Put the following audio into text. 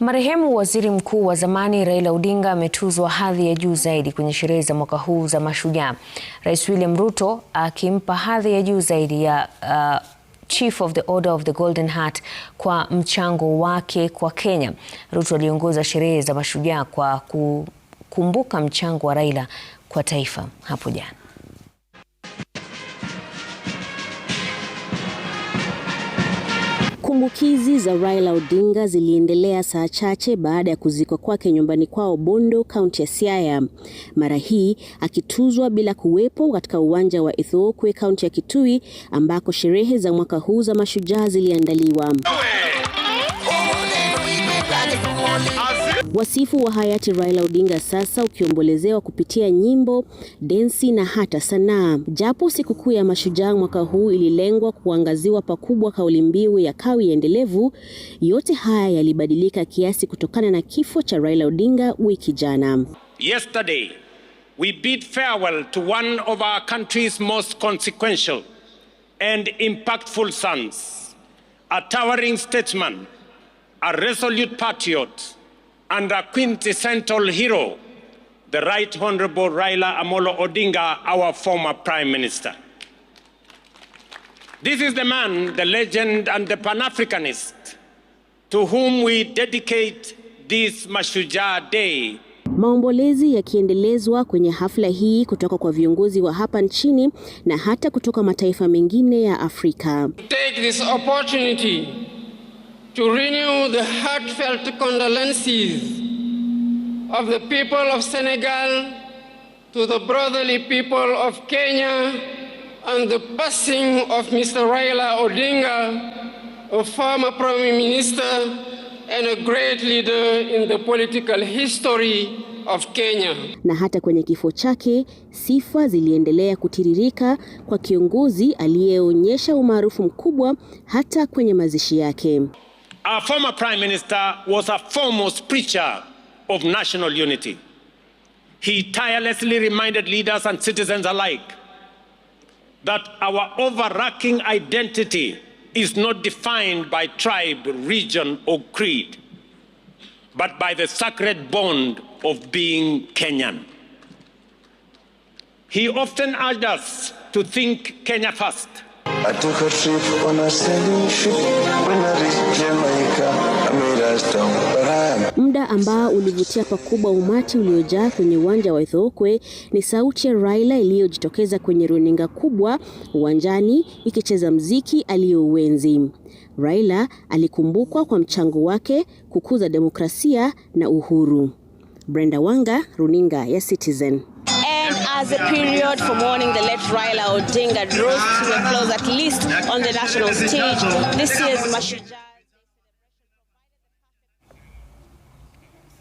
Marehemu waziri mkuu wa zamani Raila Odinga ametuzwa hadhi ya juu zaidi kwenye sherehe za mwaka huu za Mashujaa, Rais William Ruto akimpa hadhi ya juu zaidi ya uh, Chief of the Order of the Golden Heart kwa mchango wake kwa Kenya. Ruto aliongoza sherehe za Mashujaa kwa kukumbuka mchango wa Raila kwa taifa hapo jana. Kumbukizi za Raila Odinga ziliendelea saa chache baada ya kuzikwa kwake nyumbani kwao Bondo, kaunti ya Siaya, mara hii akituzwa bila kuwepo katika uwanja wa Ithookwe, kaunti ya Kitui, ambako sherehe za mwaka huu za mashujaa ziliandaliwa. Wasifu wa hayati Raila Odinga sasa ukiombolezewa kupitia nyimbo, densi na hata sanaa. Japo sikukuu ya mashujaa mwaka huu ililengwa kuangaziwa pakubwa kauli mbiu ya kawi endelevu, yote haya yalibadilika kiasi kutokana na kifo cha Raila Odinga wiki jana. Yesterday we bid farewell to one of our country's most consequential and impactful sons, a towering statesman, a resolute patriot and a quintessential hero, the Right Honorable Raila Amolo Odinga, our former Prime Minister. This is the man, the legend, and the Pan Africanist to whom we dedicate this Mashujaa Day. Maombolezi yakiendelezwa kwenye hafla hii kutoka kwa viongozi wa hapa nchini na hata kutoka mataifa mengine ya Afrika. Take this opportunity to renew the heartfelt condolences of the people of Senegal to the brotherly people of Kenya and the passing of Mr. Raila Odinga, a former prime minister and a great leader in the political history of Kenya. Na hata kwenye kifo chake sifa ziliendelea kutiririka kwa kiongozi aliyeonyesha umaarufu mkubwa hata kwenye mazishi yake. Our former Prime Minister was a foremost preacher of national unity. He tirelessly reminded leaders and citizens alike that our overarching identity is not defined by tribe, region, or creed, but by the sacred bond of being Kenyan. He often urged us to think Kenya first I took a trip on a sailing ship when I reached Jamaica I made a Muda ambao ulivutia pakubwa umati uliojaa kwenye uwanja wa Ithookwe ni sauti ya Raila iliyojitokeza kwenye runinga kubwa uwanjani ikicheza mziki aliyouenzi. Raila alikumbukwa kwa mchango wake kukuza demokrasia na uhuru. Brenda Wanga, runinga ya Citizen. as a period for mourning the late Raila Odinga draws to a close, at least on the national stage. This year's Mashujaa.